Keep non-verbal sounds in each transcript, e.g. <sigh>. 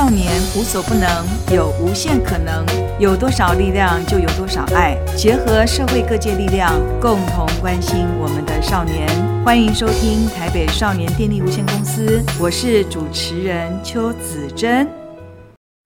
少年無所不能，有無限可能。有多少力量，就有多少愛。結合社會各界力量，共同關心我們的少年。歡迎收聽台北少年電力無限公司，我是主持人邱子珍。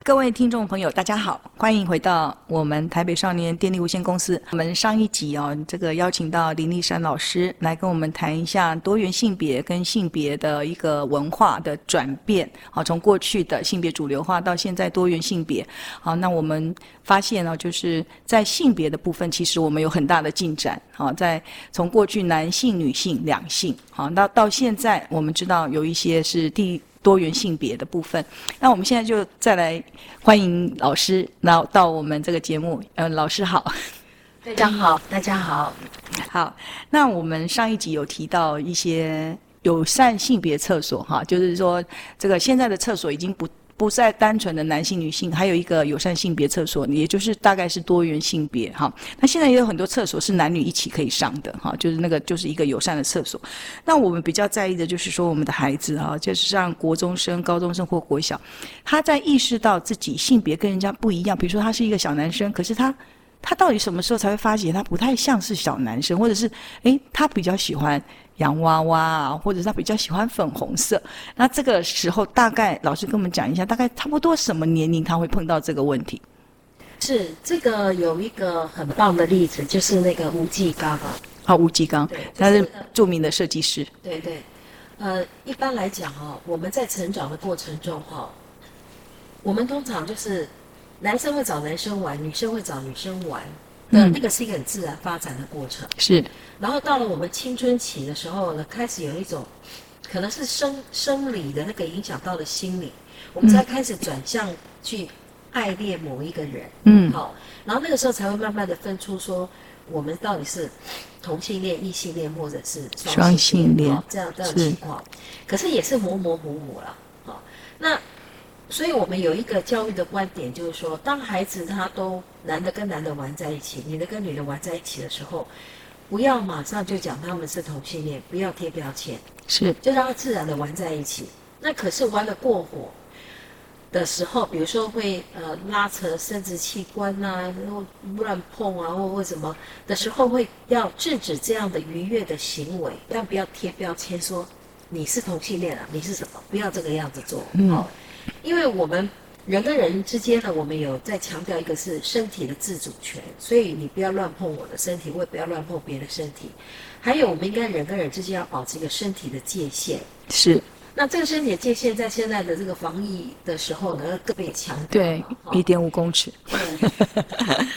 各位聽眾朋友，大家好，歡迎回到我們台北少年電力無限公司。我們上一集哦，這個邀請到林麗珊老師來跟我們談一下多元性別跟性別的一個文化的轉變。好，從過去的性別主流化到現在多元性別。好，那我們發現呢，就是在性別的部分，其實我們有很大的進展。好，在從過去男性、女性兩性，好，那到現在我們知道有一些是第。多元性別的部分，那我們現在就再來歡迎老師，那到我們這個節目，嗯、呃，老師好，好，大家好，大家好，好。那我們上一集有提到一些友善性別廁所哈，就是說這個現在的廁所已經不。不再單純的男性、女性，還有一個友善性別廁所，也就是大概是多元性別哈。那現在也有很多廁所是男女一起可以上的哈，就是那個就是一個友善的廁所。那我們比較在意的就是說，我們的孩子哈，就是像國中生、高中生或國小，他在意識到自己性別跟人家不一樣，比如說他是一個小男生，可是他他到底什麼時候才會發覺他不太像是小男生，或者是誒、欸，他比較喜歡。洋娃娃啊，或者是他比較喜歡粉紅色，那這個時候大概老師跟我們講一下，大概差不多什麼年齡他會碰到這個問題？是這個，有一個很棒的例子，就是那個吳季剛啊，啊吳季剛，對就是，他是著名的設計師。對，對對，呃，一般來講哈，哦，我們在成長的過程中哈，哦，我們通常就是男生會找男生玩，女生會找女生玩。那、嗯、那個是一個很自然發展的過程。是。然後到了我們青春期的時候呢，開始有一種，可能是生生理的那個影響到了心理，嗯、我們才開始轉向去愛戀某一個人。嗯。好，然後那個時候才會慢慢地分出說，我們到底是同性戀、異性戀，或者是雙性戀，戀，雙性戀這樣這樣的情況。是可是也是模模糊糊了，好那。所以，我們有一個教育的觀點，就是說，當孩子他都男的跟男的玩在一起，女的跟女的玩在一起的時候，不要馬上就講他們是同性戀，不要貼標籤，是就讓他自然的玩在一起。那可是玩得過火的時候，比如說會呃拉扯生殖器官吶、啊，然後亂碰啊，或或什麼的時候，會要制止這樣的愉悅的行為，但不要貼標籤說你是同性戀了、啊，你是什麼不要這個樣子做，嗯、哦。因為我們人跟人之間呢，我們有在強調一個是身體的自主權，所以你不要亂碰我的身體，我也不要亂碰別的身體。還有，我們應該人跟人之間要保持一個身體的界限。是。那這個身體界限在現在的這個防疫的時候呢，特別強調，對，一點五公尺。嗯、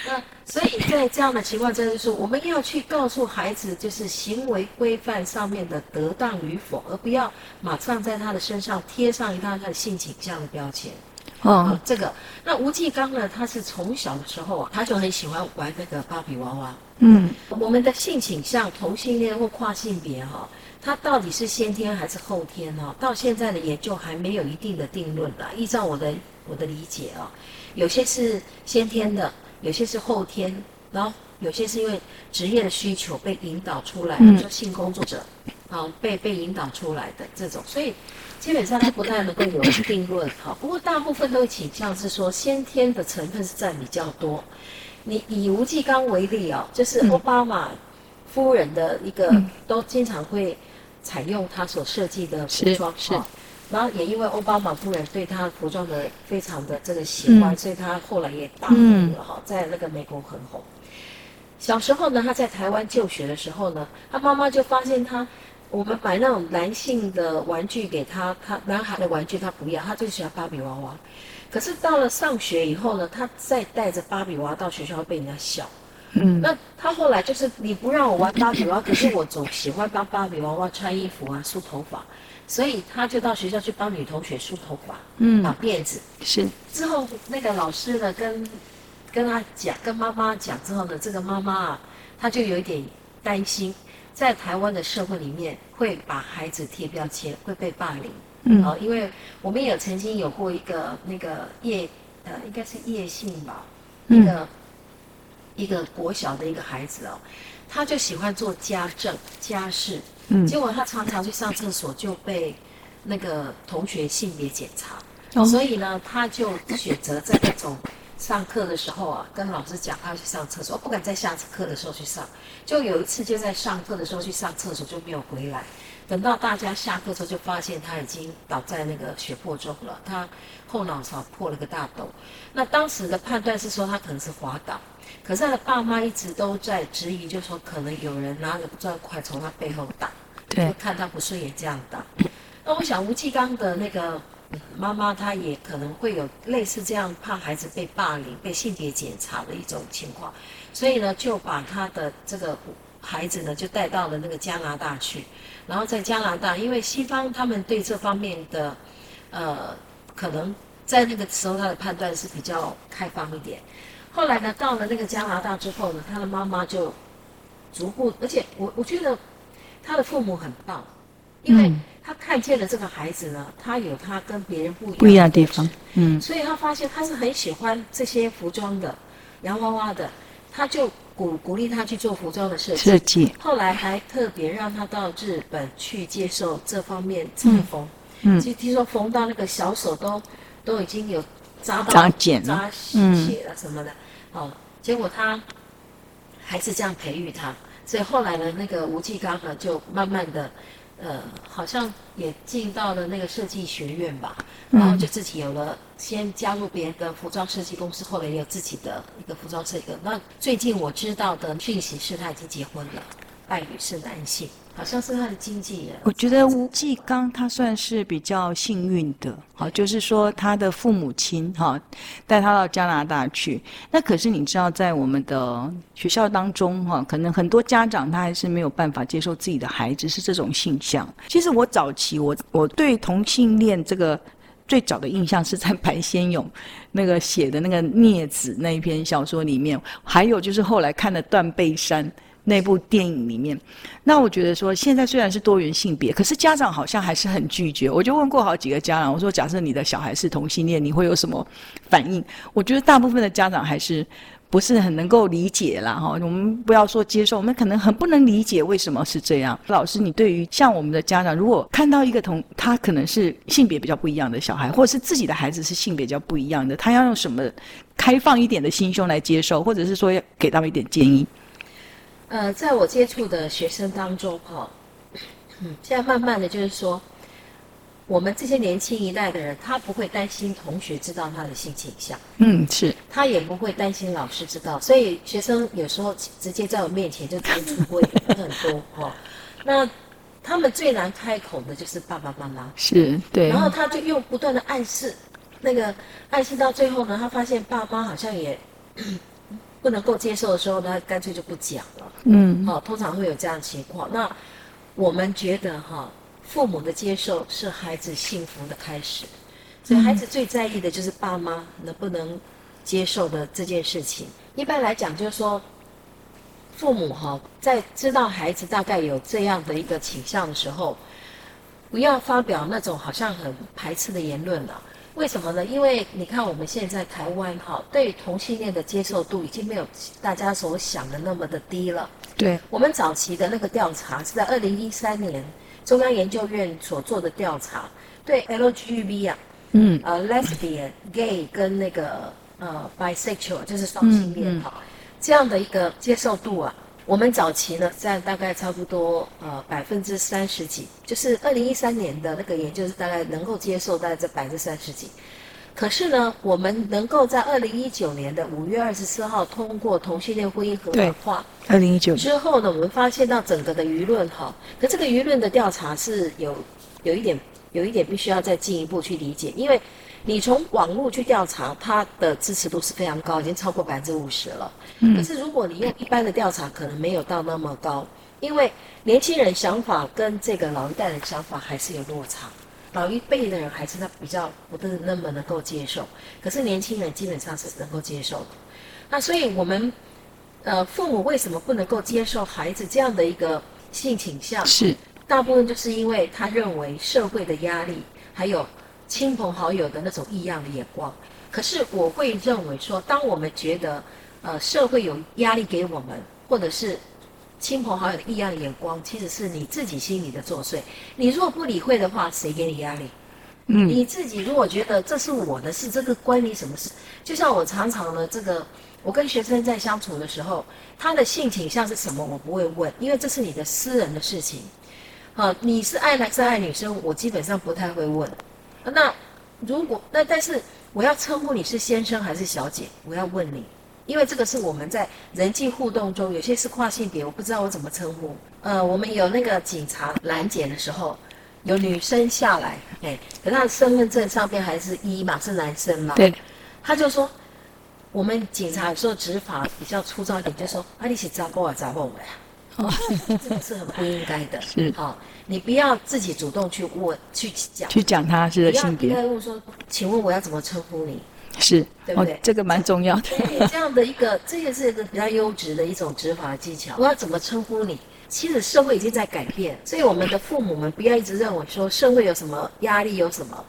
那所以，在這樣的情況真的是我們要去告訴孩子，就是行為規範上面的得當與否，而不要馬上在他的身上貼上一大個性傾向的標籤。哦、嗯，這個。那吳季剛呢，他是從小的時候、啊、他就很喜歡玩那個芭比娃娃。嗯，我們的性傾向，同性戀或跨性別哈、哦。他到底是先天還是後天呢、啊？到現在的研究還沒有一定的定論啦。依照我的我的理解啊，有些是先天的，有些是後天，然後有些是因為職業的需求被引導出來的，比如說性工作者，啊，被被引導出來的這種，所以基本上是不太能夠有一定論哈。不過大部分都會傾向是說先天的成分是佔比較多。你以吳季剛為例哦、啊，就是歐巴馬夫人的一個都經常會採用他所設計的服裝哈，然後也因為奧巴馬夫人對他服裝的非常的這個喜歡，嗯、所以他後來也大紅了哈，在那個美國很紅。嗯、小時候呢，他在台灣就學的時候呢，他媽媽就發現他，我們買那種男性的玩具給他，他男孩的玩具他不要，他最喜歡芭比娃娃。可是到了上學以後呢，他再帶着芭比娃娃到學校，被人家笑。嗯，那他後來就是你不讓我玩芭比娃娃， <laughs> 可是我總喜歡幫芭比娃娃穿衣服啊、梳頭髮，所以他就到學校去幫女同學梳頭髮、打、嗯、辮子。是之後那個老師呢，跟跟他講，跟媽媽講之後呢，這個媽媽啊，她就有一點擔心，在台灣的社會裡面會把孩子貼標籤，嗯、會被霸凌。嗯。因為我們也曾經有過一個那個葉呃，應該是葉姓吧，嗯、那個。一個國小的一個孩子哦，他就喜歡做家政家事，嗯，結果他常常去上廁所，就被那個同學性別檢查，嗯，所以呢，他就選擇在那種上課的時候啊，跟老師講他要去上廁所，不敢在下課的時候去上。就有一次就在上課的時候去上廁所，就沒有回來，等到大家下課的時候，就發現他已經倒在那個血泊中了，他後腦勺破了個大洞。那當時的判斷是說他可能是滑倒。可是他的爸媽一直都在質疑，就是說可能有人拿着磚塊從他背後打，就看他不順眼這樣打。那我想吳季剛的那個媽媽，她也可能會有類似這樣怕孩子被霸凌、被性別檢查的一種情況，所以呢就把他的這個孩子呢就帶到了那個加拿大去。然後在加拿大，因為西方他們對這方面的，呃，可能在那個時候他的判斷是比較開放一點。後來呢，到了那個加拿大之後呢，他的媽媽就逐步，而且我我覺得他的父母很棒，因為他看見了這個孩子呢，他有他跟別人不一樣的的地方，嗯，所以他發現他是很喜歡這些服裝的、洋娃娃的，他就鼓鼓勵他去做服裝的設計，設計，後來還特別讓他到日本去接受這方面裁縫，嗯，嗯，就聽說縫到那個小手都都已經有。扎到了，扎血了、嗯、什麼的，哦，結果他還是這樣培育他，所以後來呢，那個吳繼剛呢就慢慢的，呃，好像也進到了那個設計學院吧，然後就自己有了，先加入別人的服裝設計公司，嗯、後來也有自己的一個服裝設計。那最近我知道的訊息是，他已經結婚了，伴侶是男性。好像是他的經紀人。我覺得吳季剛他算是比較幸運的，好對，就是說他的父母親哈帶他到加拿大去。那可是你知道，在我們的學校當中哈，可能很多家長他還是沒有辦法接受自己的孩子是這種性向。其實我早期我我對同性戀這個最早的印象是在白先勇那個寫的那個《孽子》那一篇小說裡面，還有就是後來看了《斷背山》。那部電影裡面，那我覺得說現在雖然是多元性別，可是家長好像還是很拒絕。我就問過好幾個家長，我說假設你的小孩是同性戀，你會有什麼反應？我覺得大部分的家長還是不是很能夠理解啦。哈。我們不要說接受，我們可能很不能理解為什麼是這樣。老師，你對於像我們的家長，如果看到一個同他可能是性別比較不一樣的小孩，或者是自己的孩子是性別比較不一樣的，他要用什麼開放一點的心胸來接受，或者是說要給他們一點建議？嗯呃，在我接觸的學生當中、哦，哈，嗯，現在慢慢的就是說，我們這些年輕一代的人，他不會擔心同學知道他的性傾向，嗯，是，他也不會擔心老師知道，所以學生有時候直接在我面前就直接出櫃很多哈、哦。 <laughs> 那他們最難開口的就是爸爸媽媽，是對，然後他就用不斷的暗示，那個暗示到最後呢，他發現爸媽好像也不能夠接受的時候呢，乾脆就不講了。嗯，好、哦，通常會有這樣的情況。那我們覺得哈、哦，父母的接受是孩子幸福的開始，所以孩子最在意的就是爸媽能不能接受的這件事情。嗯、一般來講，就是說，父母哈、哦、在知道孩子大概有這樣的一個傾向的時候，不要發表那種好像很排斥的言論了、啊。為什麼呢？因為你看我們現在台灣哈，對同性戀的接受度已經沒有大家所想的那麼的低了。對，我們早期的那個調查是在二零一三年中央研究院所做的調查，對 LGB 啊，嗯，呃，Lesbian、Lesbian, Gay 跟那個呃 Bisexual，就是雙性戀哈，嗯嗯、這樣的一個接受度啊。我們早期呢，佔大概差不多呃百分之三十幾，就是二零一三年的那個研究是大概能夠接受，大概這百分之三十幾。可是呢，我們能夠在二零一九年的五月二十四號通過同性戀婚姻合法化，二零一九之後呢，我們發現到整個的輿論哈，可這個輿論的調查是有有一點有一點必須要再進一步去理解，因為。你從網絡去調查，他的支持度是非常高，已經超過百分之五十了。嗯。可是如果你用一般的調查，可能沒有到那麼高，因為年輕人想法跟這個老一代的想法還是有落差，老一輩的人還是他比較不是那麼能夠接受，可是年輕人基本上是能夠接受的。那所以我們，呃，父母為什麼不能夠接受孩子這樣的一個性傾向？是。大部分就是因為他認為社會的壓力還有。親朋好友的那種異樣的眼光，可是我會認為說，當我們覺得呃社會有壓力給我們，或者是親朋好友的異樣的眼光，其實是你自己心裡的作祟。你如果不理會的話，誰給你壓力？嗯，你自己如果覺得這是我的事，這個關你什麼事？就像我常常呢，這個我跟學生在相處的時候，他的性傾向是什麼，我不會問，因為這是你的私人的事情。好，呃，你是愛男生愛女生，我基本上不太會問。那如果那但是我要稱呼你是先生還是小姐？我要問你，因為這個是我們在人際互動中，有些是跨性別，我不知道我怎麼稱呼。呃，我們有那個警察攔檢的時候，有女生下來，哎、欸，可是他的身份證上邊還是一、e、嘛，是男生嘛？對。他就說，我們警察有時候執法比較粗糙一點，就說，啊你寫查某啊查某的。哦，是，這個是很不應該的。是，好，哦，你不要自己主動去問，去講，去講他是的性別。不要問說，請問我要怎麼稱呼你？是，對不對，哦？這個蠻重要的。這樣的一個，這也是一個比較優質的一種執法技巧。 <laughs> 我要怎麼稱呼你？其實社會已經在改變，所以我們的父母們不要一直認為說社會有什麼壓力有什麼。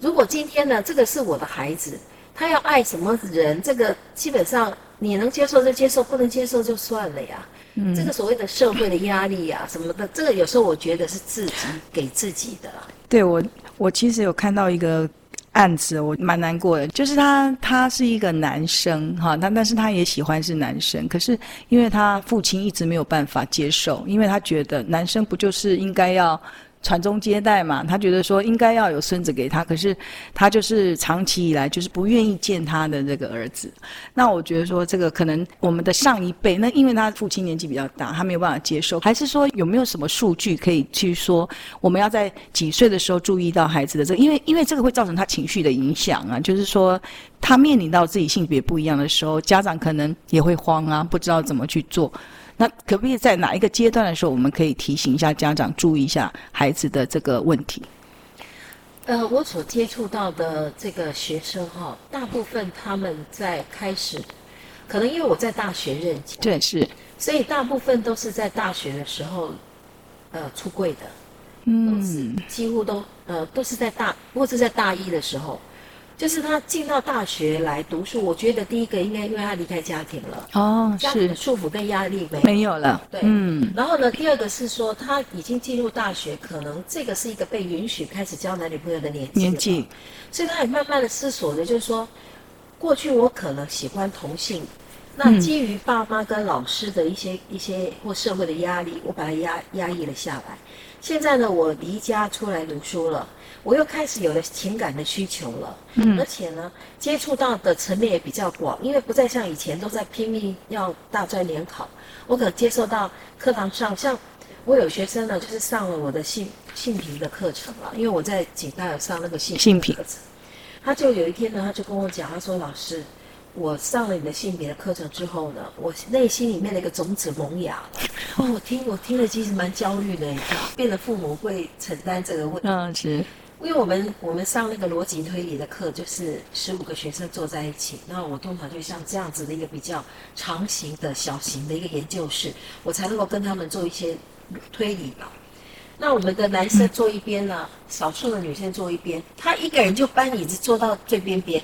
如果今天呢，這個是我的孩子，他要愛什麼人，這個基本上你能接受就接受，不能接受就算了呀。嗯，這個所謂的社會的壓力呀、啊，什麼的，這個有時候我覺得是自己給自己的。對我，我其實有看到一個案子，我蠻難過的，就是他他是一個男生哈，他但是他也喜歡是男生，可是因為他父親一直沒有辦法接受，因為他覺得男生不就是應該要。傳宗接代嘛，他覺得說應該要有孫子給他，可是他就是長期以來就是不願意見他的這個兒子。那我覺得說這個可能我們的上一輩，那因為他父親年紀比較大，他沒有辦法接受，還是說有沒有什麼數據可以去說，我們要在幾歲的時候注意到孩子的這個？因為因為這個會造成他情緒的影響啊，就是說他面臨到自己性別不一樣的時候，家長可能也會慌啊，不知道怎麼去做。那可不可以在哪一個階段的時候，我們可以提醒一下家長，注意一下孩子的這個問題？呃，我所接觸到的這個學生哈、哦，大部分他們在開始，可能因為我在大學任教，對，是，所以大部分都是在大學的時候，呃，出櫃的，都是嗯，幾乎都呃都是在大，或者是在大一的時候。就是他進到大學來讀書，我覺得第一個應該因為他離開家庭了，哦，家庭的束縛跟壓力沒沒有了，對，嗯。然後呢，第二個是說他已經進入大學，可能這個是一個被允許開始交男女朋友的年紀，年紀，所以他也慢慢的思索着，就是說，過去我可能喜歡同性。那基於爸媽跟老師的一些、嗯、一些或社會的壓力，我把它壓壓抑了下來。現在呢，我離家出來讀書了，我又開始有了情感的需求了，嗯、而且呢，接觸到的層面也比較廣，因為不再像以前都在拼命要大專聯考，我可接受到課堂上，像我有學生呢，就是上了我的性性平的課程了，因為我在警大有上那個性平課程，性平。他就有一天呢，他就跟我講，他說老師。我上了你的性別的課程之後呢，我內心裡面的一個種子萌芽了。哦，我聽我聽了，其實蠻焦慮的，變得父母會承擔這個問題。嗯，因為我們我們上那個邏輯推理的課，就是十五個學生坐在一起，那我通常就像這樣子的一個比較長形的小型的一個研究室，我才能夠跟他們做一些推理吧。那我們的男生坐一邊呢，少、嗯、數的女生坐一邊，他一個人就搬椅子坐到最邊邊。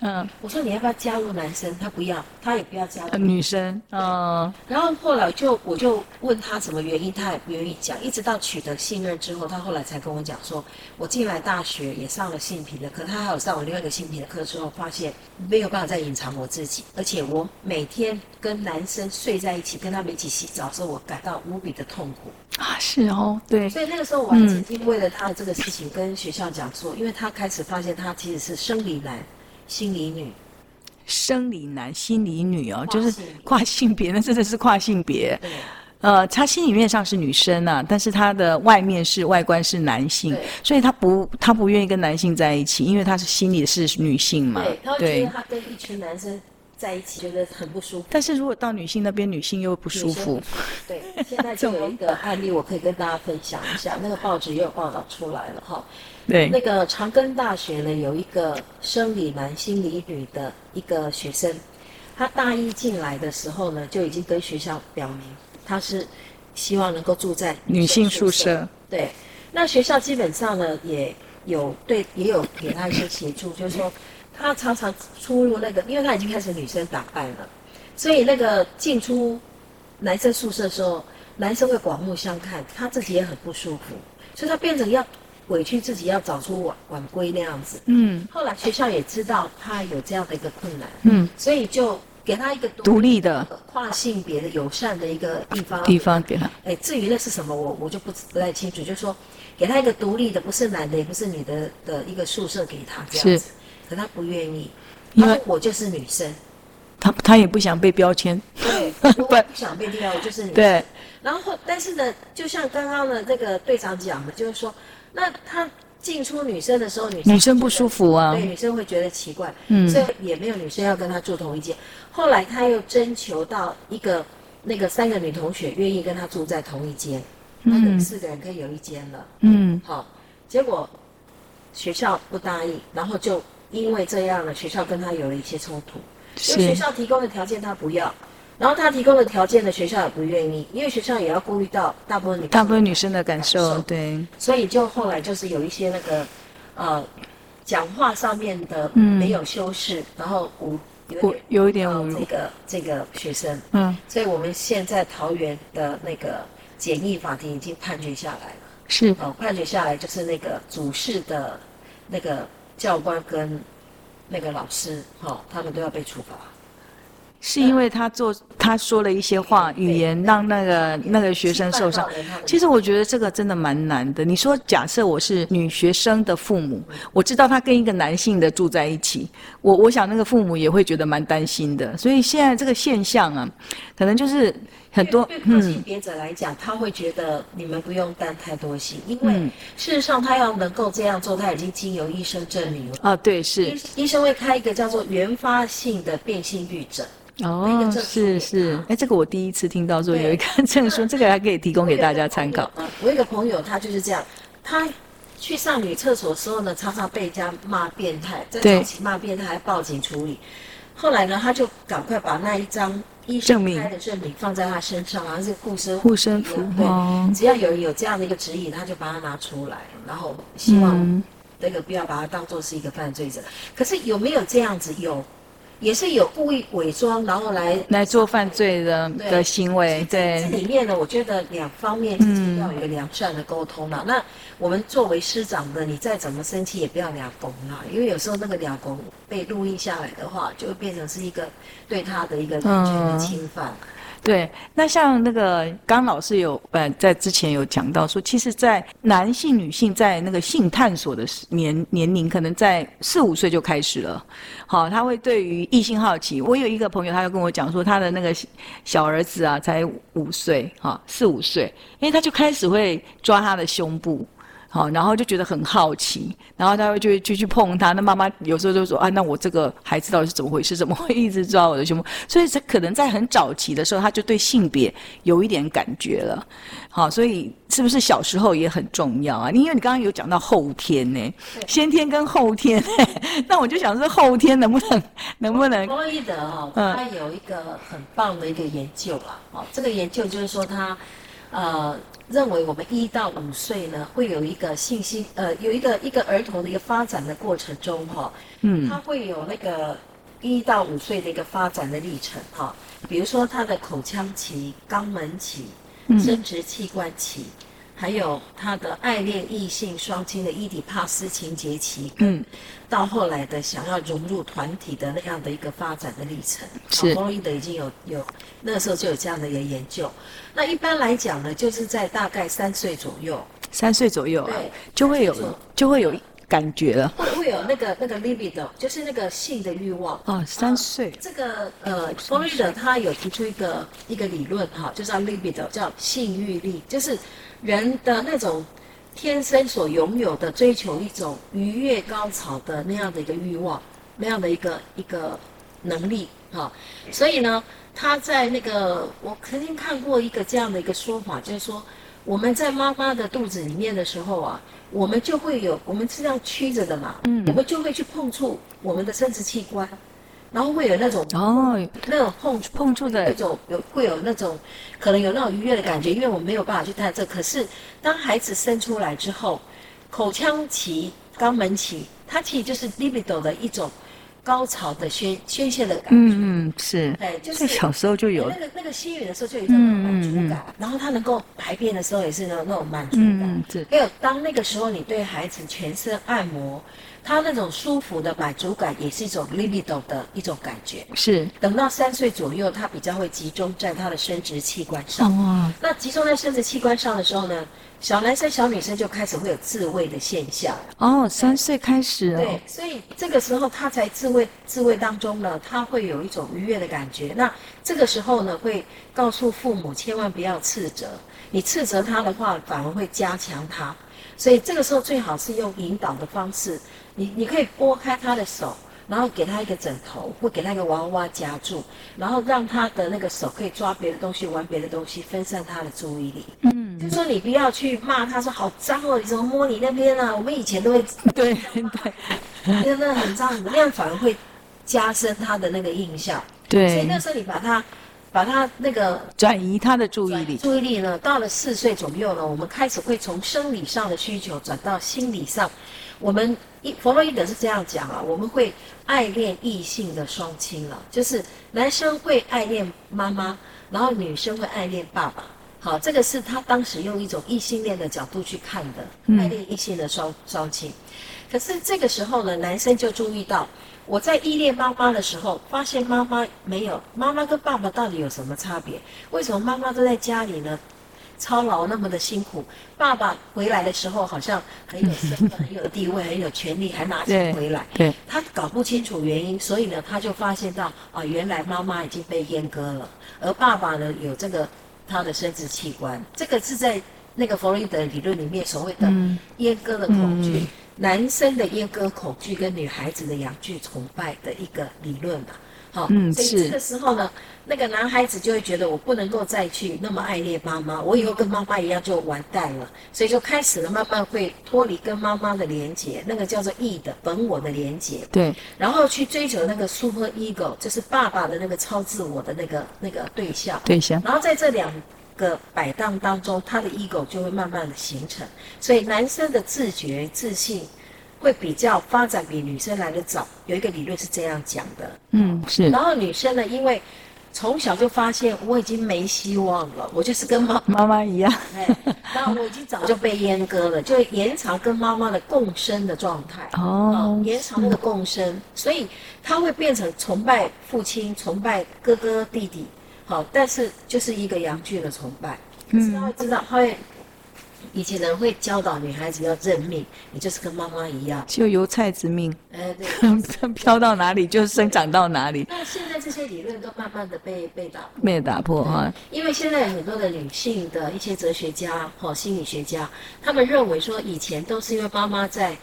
嗯，我說你要不要加入男生？他不要，他也不要加入女生。嗯，然後後來就我就問他什麼原因，他也不願意講。一直到取得信任之後，他後來才跟我講說，我進來大學也上了性平的課，可他還有上我另外一個性平的課之後，發現沒有辦法再隱藏我自己，而且我每天跟男生睡在一起，跟他們一起洗澡之後，我感到無比的痛苦。啊，是哦，對。所以那個時候我還曾經為了他的這個事情，嗯，跟學校講說，因為他開始發現他其實是生理男。心理女，生理男，心理女哦，就是跨性別，那真的是跨性別。對呃，他心裡面上是女生吶，啊，但是他的外面是外觀是男性，對所以他不他不願意跟男性在一起，因為他是心理是女性嘛。對。他，他跟一群男生對。在一起覺得很不舒服，但是如果到女性那邊，女性又不舒服。對，現在就有一個案例，我可以跟大家分享一下。那個報紙也有報道出來了哈。對。那個長庚大學呢，有一個生理男、心理女的一個學生，他大一進來的時候呢，就已經跟學校表明他是希望能夠住在女性宿舍。宿舍。對。那學校基本上呢，也有對，也有給他一些協助，就是說。他常常出入那個，因為他已經開始女生打扮了，所以那個進出男生宿舍的時候，男生會刮目相看，他自己也很不舒服，所以他變成要委屈自己，要早出晚晚歸那樣子。嗯。後來學校也知道他有這樣的一個困難，嗯，所以就給他一個獨立的跨性別的，的友善的一個地方，地方給他。哎，至於那是什麼，我我就不不太清楚，就說給他一個獨立的，不是男的也不是女的的一個宿舍給他這樣子。是。可他不願意，因為我就是女生，他他，他也不想被標籤， <laughs> 對，如果不想被標籤，我就是女生。 <laughs> 對，然後但是呢，就像剛剛的那個隊長講的，就是說，那他進出女生的時候，女生女生不舒服啊，對，女生會覺得奇怪，嗯，所以也沒有女生要跟他住同一間。嗯、後來他又徵求到一個那個三個女同學願意跟他住在同一間，嗯、那個四個人可以有一間了，嗯，好，結果學校不答應，然後就。因為這樣的學校跟他有了一些衝突，是因為學校提供的條件他不要，然後他提供的條件呢，學校也不願意，因為學校也要顧慮到大部分女大部分女生的感受，感受對。所以就後來就是有一些那個，呃、講話上面的沒有修飾，嗯、然後有有一點我們這個這個學生，嗯，所以我們現在桃園的那個簡易法庭已經判決下來了，是、呃，判決下來就是那個主事的那個。教官跟那個老師，哈、哦，他們都要被處罰。是因為他做，他說了一些話，嗯、語言讓那個讓那個學生受傷。其實我覺得這個真的蠻難的。你說，假設我是女學生的父母，對我知道他跟一個男性的住在一起，我我想那個父母也會覺得蠻擔心的。所以現在這個現象啊，可能就是。很多對變性者來講，他會覺得你們不用擔太多心，因為事實上他要能夠這樣做，他已經經由醫生證明了。啊、哦，對，是醫生，醫生會開一個叫做原發性的變性綠診。哦，是是，哎、欸，這個我第一次聽到說有一個對證書，這個還可以提供給大家參考 <laughs> 我。我一個朋友他就是這樣，他去上女廁所的時候呢，常常被人家罵變態，在重慶罵變態還報警處理，對後來呢，他就趕快把那一張。醫生開的證明，明放在他身上，好像是護身符護身，護身對，只要有有這樣的一個指引，他就把它拿出來，然後希望那個不要把它當做是一個犯罪者。嗯，可是有沒有這樣子有？也是有故意偽裝，然後來來做犯罪的對的行為。對，這裡面呢，我覺得兩方面嗯要有一個良善的溝通了。嗯、那我們作為師長的，你再怎麼生氣也不要兩瘋了，因為有時候那個兩瘋被錄音下來的話，就會變成是一個對他的一個人權的侵犯。嗯對，那像那個剛老師有呃，在之前有講到說，其實，在男性、女性在那個性探索的時年年齡，可能在四五歲就開始了，好、哦，他會對於異性好奇。我有一個朋友，他就跟我講說，他的那個小兒子啊，才五歲啊、哦，四五歲，因為他就開始會抓他的胸部。好，然後就覺得很好奇，然後他會就就去碰他。那媽媽有時候就說：“啊，那我這個孩子到底是怎麼回事？怎麼會一直抓我的胸部？”所以，這可能在很早期的時候，他就對性別有一點感覺了。好，所以是不是小時候也很重要啊？因為你剛剛有講到後天呢、欸，對先天跟後天、欸、那我就想說，後天能不能能不能？佛洛伊德哦，嗯、他有一個很棒的一個研究了、啊。好、哦，這個研究就是說他。呃，認為我們一到五歲呢，會有一個信心，呃，有一個一個兒童的一個發展的過程中哈、哦，嗯，他會有那個一到五歲的一個發展的歷程哈、哦，比如說他的口腔期、肛門期、生殖器官期。嗯還有他的愛戀異性雙親的伊底帕斯情結期，嗯，到後來的想要融入團體的那樣的一個發展的歷程，好，不容易的。已經有有那時候就有這樣的一個研究。那一般來講呢，就是在大概三歲左右，三歲左右啊，就會有就會有。感覺了。會有那個那個 libido，就是那個性的慾望。啊，三歲。啊、這個呃，Freud 他、哎、有提出一個一個理論哈、啊，就叫 libido，、啊、叫性慾力，就是人的那種天生所擁有的追求一種愉悅高潮的那樣的一個慾望，那樣的一個一個能力哈、啊。所以呢，他在那個我曾經看過一個這樣的一個說法，就是說。我們在媽媽的肚子裡面的時候啊，我們就會有，我們是這樣曲着的嘛，嗯，我們就會去碰觸我們的生殖器官，然後會有那種，哦、那種碰觸，碰觸的那種有會有那種，可能有那種愉悅的感覺，因為我們沒有辦法去探測，可是當孩子生出來之後，口腔期、肛門期，它其實就是 libido 的一種。高潮的宣宣洩的感覺，嗯，是，對，就是小時候就有、欸、那個那個吸吮的時候就有一種滿足感，嗯、然後他能夠排便的時候也是那種那種滿足感，嗯、還有當那個時候你對孩子全身按摩。他那種舒服的滿足感也是一種 libido 的一種感覺。是。等到三歲左右，他比較會集中在他的生殖器官上。哇、哦。那集中在生殖器官上的時候呢，小男生、小女生就開始會有自慰的現象。哦，對三歲開始、哦、對，所以這個時候他在自慰，自慰當中呢，他會有一種愉悅的感覺。那這個時候呢，會告訴父母千萬不要斥責，你斥責他的話，反而會加強他。所以這個時候最好是用引導的方式。你你可以撥開他的手，然後給他一個枕頭，或給他一個娃娃夾住，然後讓他的那個手可以抓別的東西，玩別的東西，分散他的注意力。嗯，就是說你不要去罵他，說好髒哦，你怎麼摸你那邊啊？我們以前都會對、對，對那很髒，那樣反而會加深他的那個印象。對，所以那時候你把他把他那個轉移他的注意力。注意力呢，到了四歲左右呢，我們開始會從生理上的需求轉到心理上，我們。弗洛伊德是這樣講啊，我們會愛戀異性的雙親了、啊，就是男生會愛戀媽媽，然後女生會愛戀爸爸。好，這個是他當時用一種異性戀的角度去看的，愛戀異性的雙雙親。可是這個時候呢，男生就注意到，我在依戀媽媽的時候，發現媽媽沒有媽媽跟爸爸到底有什麼差別？為什麼媽媽都在家裡呢？操勞那麼的辛苦，爸爸回來的時候好像很有身份， <laughs> 很有地位、很有權力，還拿錢回來。對，他搞不清楚原因，所以呢，他就發現到啊、呃，原來媽媽已經被閹割了，而爸爸呢有這個他的生殖器官，這個是在那個弗洛伊德理論裡面所謂的閹割的恐懼，嗯、男生的閹割恐懼跟女孩子的陽具崇拜的一個理論嘛。好，哦、嗯、所以這個時候呢，是那個男孩子就會覺得，我不能夠再去那麼愛戀媽媽，我以後跟媽媽一樣就完蛋了，所以就開始了慢慢會脫離跟媽媽的連結，那個叫做 E 的本我的連結，對，然後去追求那個 Super Ego，就是爸爸的那個超自我的那個那個對象，對象像，然後在這兩個擺盪當中，他的 Ego 就會慢慢的形成，所以男生的自覺自信。會比較發展比女生來得早，有一個理論是這樣講的。嗯，是。然後女生呢，因為從小就發現我已經沒希望了，我就是跟媽媽媽，媽一樣。哎、啊，那我已經早就被閹割了， <laughs> 就延長跟媽媽的共生的狀態。哦，哦，延長的共生，嗯、所以她會變成崇拜父親、崇拜哥哥弟弟，好、哦，但是就是一個陽具的崇拜。嗯，她會知道，會。以前人會教導女孩子要認命，也就是跟媽媽一樣，就由菜籽命，哎，對， <laughs> 飄到哪裡就生長到哪裡。那現在這些理論都慢慢的被被打破，沒有打破哈。對嗯、因為現在很多的女性的一些哲學家或、哦、心理學家，他們認為說以前都是因為媽媽在，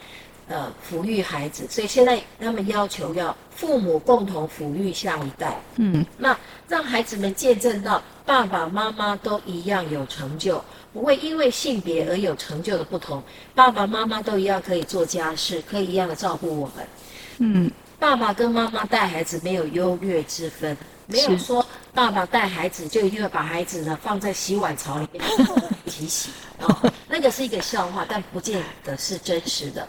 呃，撫育孩子，所以現在他們要求要父母共同撫育下一代。嗯，那讓孩子們見證到爸爸媽媽都一樣有成就。不會因為性別而有成就的不同，爸爸媽媽都一樣可以做家事，可以一樣的照顧我們。嗯，爸爸跟媽媽帶孩子沒有優越之分，是沒有說爸爸帶孩子就一定要把孩子呢放在洗碗槽裡面洗洗、 <laughs> 哦，那個是一個笑話，但不見得是真實的。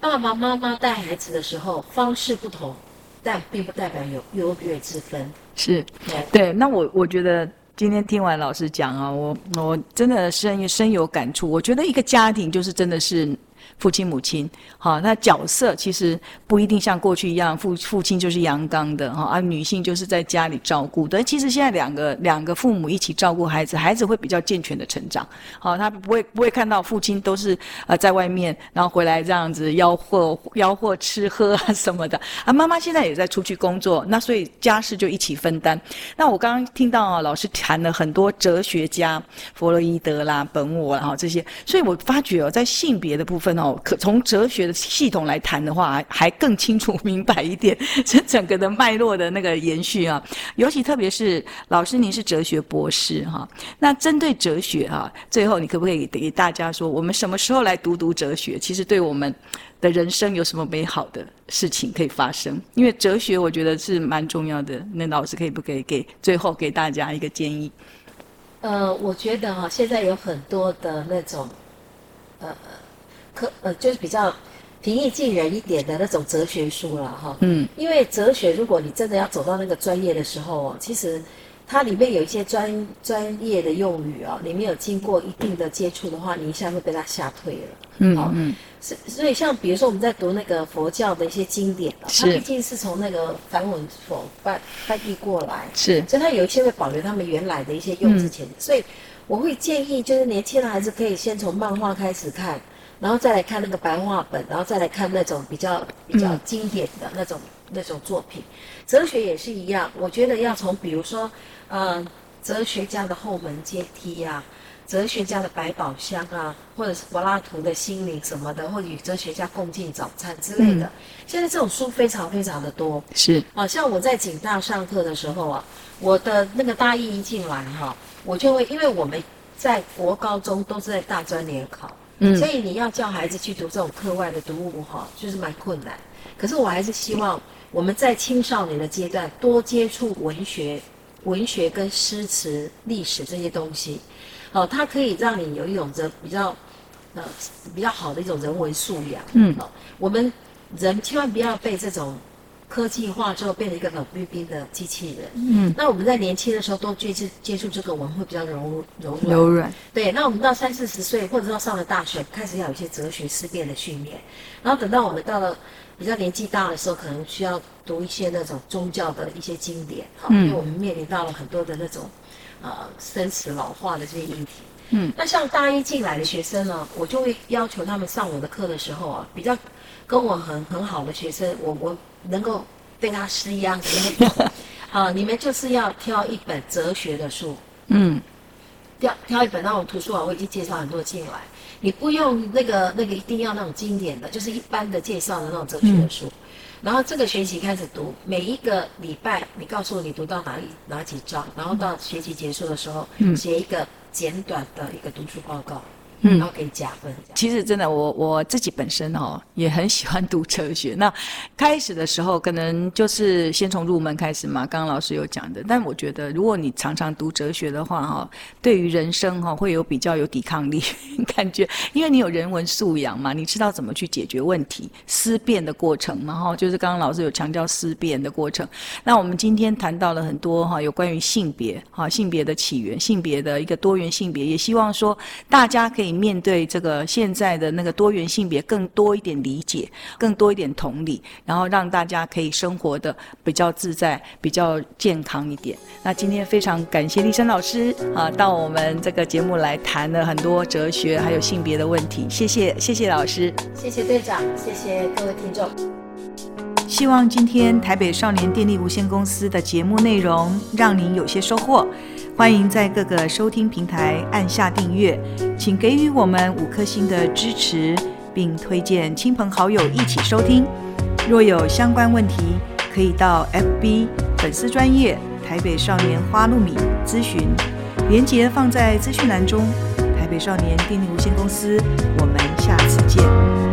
爸爸媽媽帶孩子的時候方式不同，但並不代表有優越之分。是，嗯、對，那我我覺得。今天聽完老師講啊，我我真的深深有感觸。我覺得一個家庭就是真的是。父親、母親，好，那角色其實不一定像過去一樣，父父親就是陽剛的，哈，啊女性就是在家裡照顧的。其實現在兩個兩個父母一起照顧孩子，孩子會比較健全的成長，好，他不會不會看到父親都是呃在外面，然後回來這樣子吆喝吆喝吃喝啊什麼的。啊，媽媽現在也在出去工作，那所以家事就一起分擔。那我剛剛聽到啊，老師談了很多哲學家，弗洛伊德啦、本我啦，好，這些，所以我發覺哦，在性別的部分哦。可從哲學的系統來談的話，還更清楚明白一點，這整個的脈絡的那個延續啊，尤其特別是老師，您是哲學博士哈。那針對哲學哈，最後你可不可以給大家說，我們什麼時候來讀讀哲學？其實對我們的人生有什麼美好的事情可以發生？因為哲學我覺得是蠻重要的。那老師可以不可以給最後給大家一個建議？呃，我覺得哈，現在有很多的那種，呃。可呃，就是比較平易近人一點的那種哲學書啦哈。嗯。因為哲學，如果你真的要走到那個專業的時候哦，其實它裡面有一些專專業的用語哦、喔，你沒有經過一定的接觸的話，你一下子會被它嚇退了。喔、嗯。好。嗯。所所以，像比如說，我們在讀那個佛教的一些經典啊，喔、它畢竟是從那個梵文所翻翻譯過來，是。所以它有一些會保留他們原來的一些用字遣。嗯、所以我會建議，就是年輕人還是可以先從漫畫開始看。然後再來看那個白話本，然後再來看那種比較比較經典的那種、嗯、那種作品。哲學也是一樣，我覺得要從比如說，嗯、呃，哲學家的後門階梯呀、啊，哲學家的百寶箱啊，或者是柏拉圖的心靈什麼的，或者與哲學家共進早餐之類的。嗯、現在這種書非常非常的多。是。啊，像我在警大上課的時候啊，我的那個大一一進來哈、啊，我就會，因為我們在國高中都是在大專聯考。嗯，所以你要叫孩子去讀這種課外的讀物哈、哦，就是蠻困難。可是我還是希望我們在青少年的階段多接觸文學、文學跟詩詞、歷史這些東西，哦，它可以讓你有一種比較，呃，比較好的一種人文素養。嗯、哦，我們人千萬不要被這種。科技化之後，變成一個冷冰冰的機器人。嗯。那我們在年輕的時候多接觸接觸這個，我們會比較柔柔軟。柔軟。柔軟對。那我們到三四十歲，或者說上了大學，開始要有一些哲學思辨的訓練。然後等到我們到了比較年紀大的時候，可能需要讀一些那種宗教的一些經典。好嗯。因為我們面臨到了很多的那種，呃，生死老化的這些議題。嗯。那像大一進來的學生呢，我就會要求他們上我的課的時候啊，比較。跟我很很好的學生，我我能夠對他施壓。 <laughs> 啊，你們就是要挑一本哲學的書。嗯。挑挑一本，那我圖書館、啊、我已經介紹很多進來。你不用那個那個一定要那種經典的，就是一般的介紹的那種哲學的書。嗯、然後這個學期開始讀，每一個禮拜你告訴我你讀到哪哪幾章，然後到學期結束的時候、嗯、寫一個簡短的一個讀書報告。嗯，然後可以加分、嗯。其實真的，我我自己本身哈，也很喜歡讀哲學。那開始的時候，可能就是先從入門開始嘛。剛剛老師有講的，但我覺得，如果你常常讀哲學的話哈，對於人生哈，會有比較有抵抗力感覺，因為你有人文素養嘛，你知道怎麼去解決問題，思辨的過程嘛哈。就是剛剛老師有強調思辨的過程。那我們今天談到了很多哈，有關於性別哈，性別的起源，性別的一個多元性別，也希望說大家可以。面對這個現在的那個多元性別，更多一點理解，更多一點同理，然後讓大家可以生活的比較自在，比較健康一點。那今天非常感謝麗珊老師啊，到我們這個節目來談了很多哲學還有性別的問題，謝謝謝謝老師，謝謝隊長，謝謝各位聽眾。希望今天台北少年電力無限公司的節目內容讓您有些收穫。歡迎在各個收聽平台按下訂閱，請給予我們五顆星的支持，並推薦親朋好友一起收聽。若有相關問題，可以到 FB 粉絲專頁台北少年花露米諮詢，連結放在資訊欄中。台北少年電力無限公司，我們下次見。